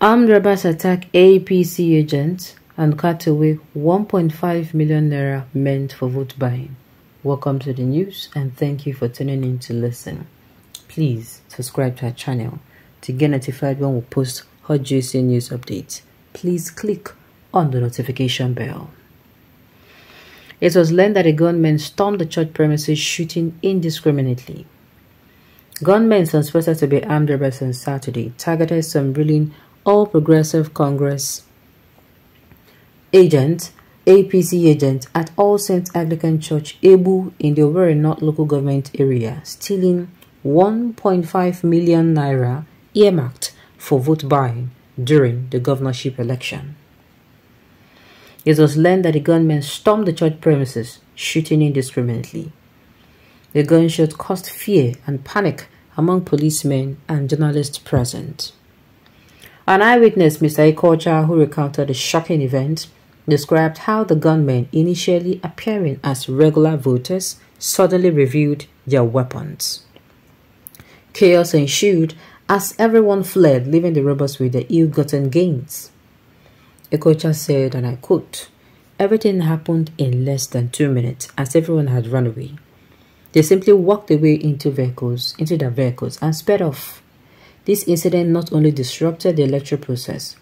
Armed robbers attack APC agents and cut away 1.5 million naira meant for vote buying. Welcome to the news and thank you for tuning in to listen. Please subscribe to our channel to get notified when we post hot juicy news updates. Please click on the notification bell. It was learned that a gunman stormed the church premises shooting indiscriminately. Gunmen suspected to be armed robbers on Saturday targeted some ruling all Progressive Congress. Agent, APC agent at All Saints Anglican Church, Abu, in the Owerri North local government area, stealing 1.5 million naira earmarked for vote buying during the governorship election. It was learned that the gunmen stormed the church premises, shooting indiscriminately. The gunshot caused fear and panic among policemen and journalists present. An eyewitness, Mr. Ikocha, who recounted the shocking event, described how the gunmen, initially appearing as regular voters, suddenly revealed their weapons. Chaos ensued as everyone fled, leaving the robbers with their ill-gotten gains. Ikocha said, and I quote, Everything happened in less than two minutes as everyone had run away. They simply walked away into vehicles, into their vehicles and sped off. This incident not only disrupted the electoral process,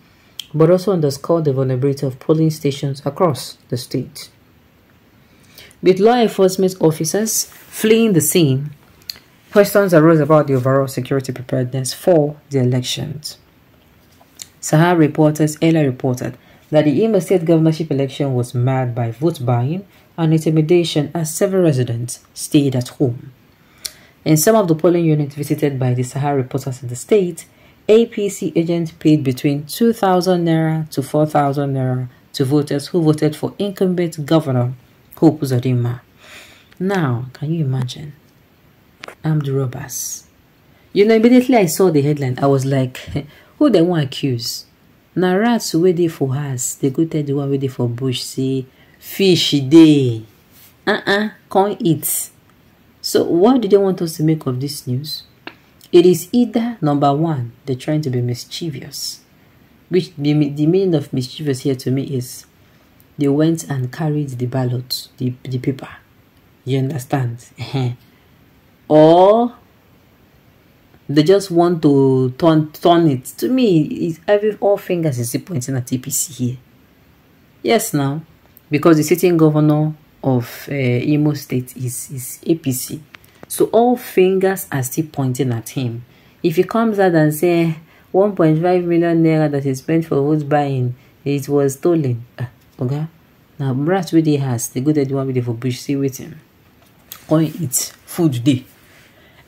but also underscored the vulnerability of polling stations across the state. With law enforcement officers fleeing the scene, questions arose about the overall security preparedness for the elections. Sahar reporters earlier reported that the Imo state governorship election was marred by vote buying and intimidation as several residents stayed at home. In some of the polling units visited by the Sahara reporters in the state, APC agents paid between 2,000 naira to 4,000 naira to voters who voted for incumbent governor Hope Zodima. Now, can you imagine? Armed robbers. You know, immediately I saw the headline, I was like, who they want accuse? Na waiting for us. They go tell the one waiting for bush. See, fish day. Uh-uh, can't eat. So what do they want us to make of this news? It is either number one, they're trying to be mischievous, which the, the meaning of mischievous here to me is they went and carried the ballot, the, the paper. You understand? or they just want to turn turn it. To me, it's every all fingers is pointing at TPC here. Yes, now because the sitting governor of uh, Imo State is, is APC. So all fingers are still pointing at him. If he comes out and says 1.5 eh, million naira that he spent for vote buying, it was stolen. Uh, okay? Now, brats with he has the good that you want with dey for bush, see him. Or it's food day.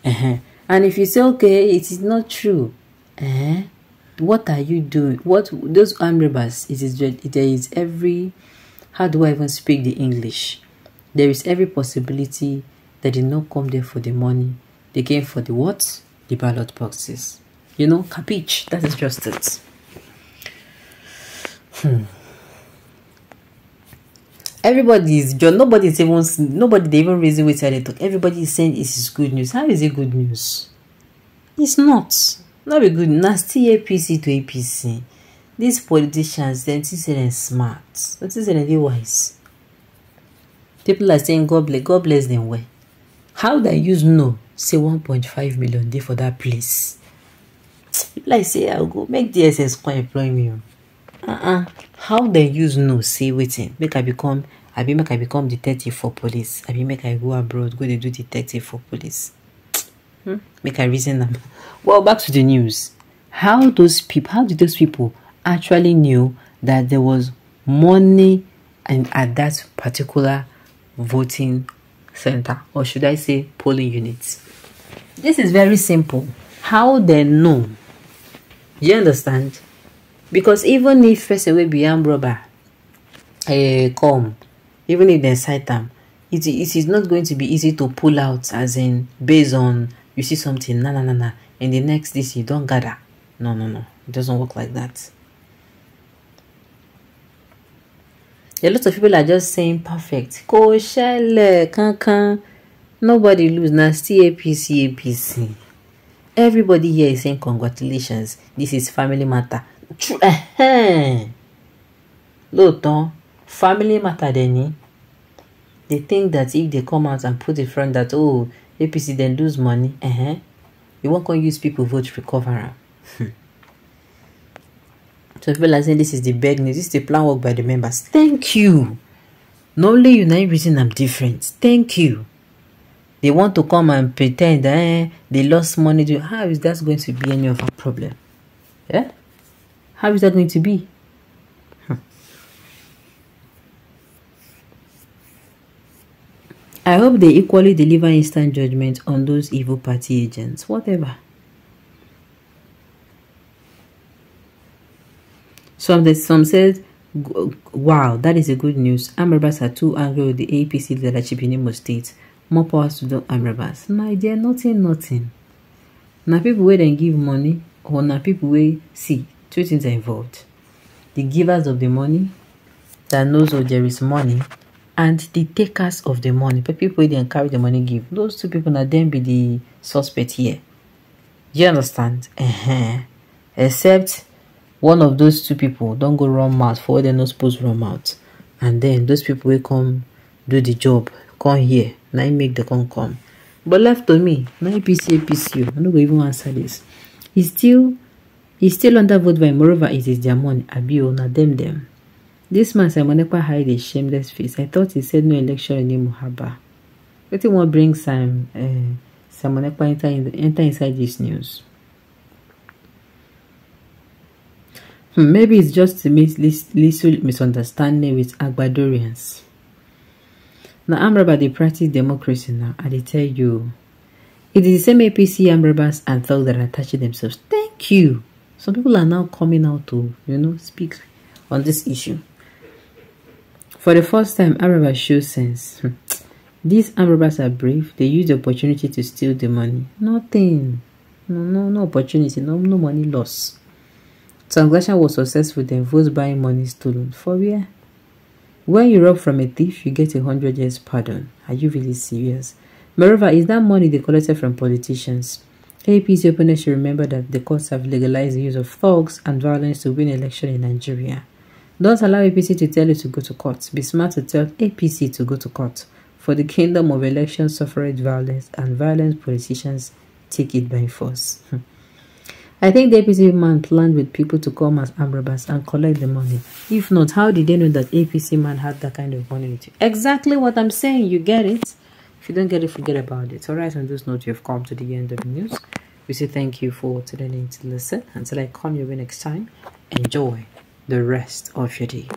Uh-huh. And if you say, okay, it is not true, uh-huh, what are you doing? What those armed it is, it is every How do I even speak the English? There is every possibility that they did not come there for the money. They came for the what? The ballot boxes. You know, capiche. That is just it. Hmm. Everybody is just nobody is even nobody they even raising with talk. Everybody is saying this is good news. How is it good news? It's not. Not a good. Nasty APC to APC. These politicians, them think say them smart. They think say them wise. People are saying God bless, God bless them well. How they use no say one point five million day for that place? People like say I go make the SS go employ me. Uh-uh. How they use no say waiting make I become I be make I become detective for police I be make I go abroad go dey do detective for police. Hmm? Make I reason them. Well, back to the news. How those people, how did those people actually knew that there was money and at that particular voting center or should i say polling units this is very simple how they know you understand because even if person will be armed robber uh, come even if they cite them, it, it is not going to be easy to pull out as in based on you see something na na na na and the next this you don't gather no no no it doesn't work like that a lot of people are just saying perfect kò ṣẹlẹ̀ kankan nobody lose na CAPC APC everybody here is saying congratulations this is family matter true lóòótọ́ family matter dẹ̀ ni they think that if they come out and put in front that oh APC dem lose money uh -huh, you wan come use people vote recover am. Hmm. So people this is the bad news. This is the plan work by the members. Thank you. Not only know reason I'm different. Thank you. They want to come and pretend eh, they lost money. To, how is that going to be any of our problem? Yeah? How is that going to be? Huh. Hmm. I hope they equally deliver instant judgment on those evil party agents. Whatever. Some, um, some said, wow, that is a good news. Amrabas are too angry with the APC leadership in Imo State. More power to the Amrabas. My dear, nothing, nothing. Now people wait and give money or now people wait. see, two things are involved. The givers of the money that knows where there is money and the takers of the money, but people and carry the money give. Those two people now then be the suspect here. You understand? Uh -huh. Except one of those two people don't go run mouth for where not supposed to run out, and then those people will come do the job come here now. im make dem come come but left to me na apc apc o i no go even answer this. e still e still under vote by moreover it is their money abi oh, na dem dem This man simon quite hide a shameless face i thought he said no election anymore haba wetin wan bring some, eh, simon ekpa enter inside this news Hmm, maybe it's just a little misunderstanding with Agbadorians. Now, Amraba, they practice democracy now, and they tell you. It is the same APC Amrabas and thugs that are attaching themselves. Thank you. Some people are now coming out to, you know, speak on this issue. For the first time, Amrabas shows sense. Hmm. These Amrabas are brave. They use the opportunity to steal the money. Nothing. No, no, no opportunity. No, no money loss. Translation was successful, then those buying money stolen. For where? When you rob from a thief, you get a hundred years pardon. Are you really serious? Moreover, is that money they collected from politicians? APC opponents should remember that the courts have legalized the use of thugs and violence to win election in Nigeria. Don't allow APC to tell you to go to court. Be smart to tell APC to go to court. For the kingdom of election, suffrage, violence, and violent politicians take it by force. I think the APC man planned with people to come as Amrabas and collect the money. If not, how did they know that APC man had that kind of money with you? Exactly what I'm saying. You get it? If you don't get it, forget about it. Alright, on this note, you've come to the end of the news. We say thank you for today to listen. Until I come your way next time, enjoy the rest of your day.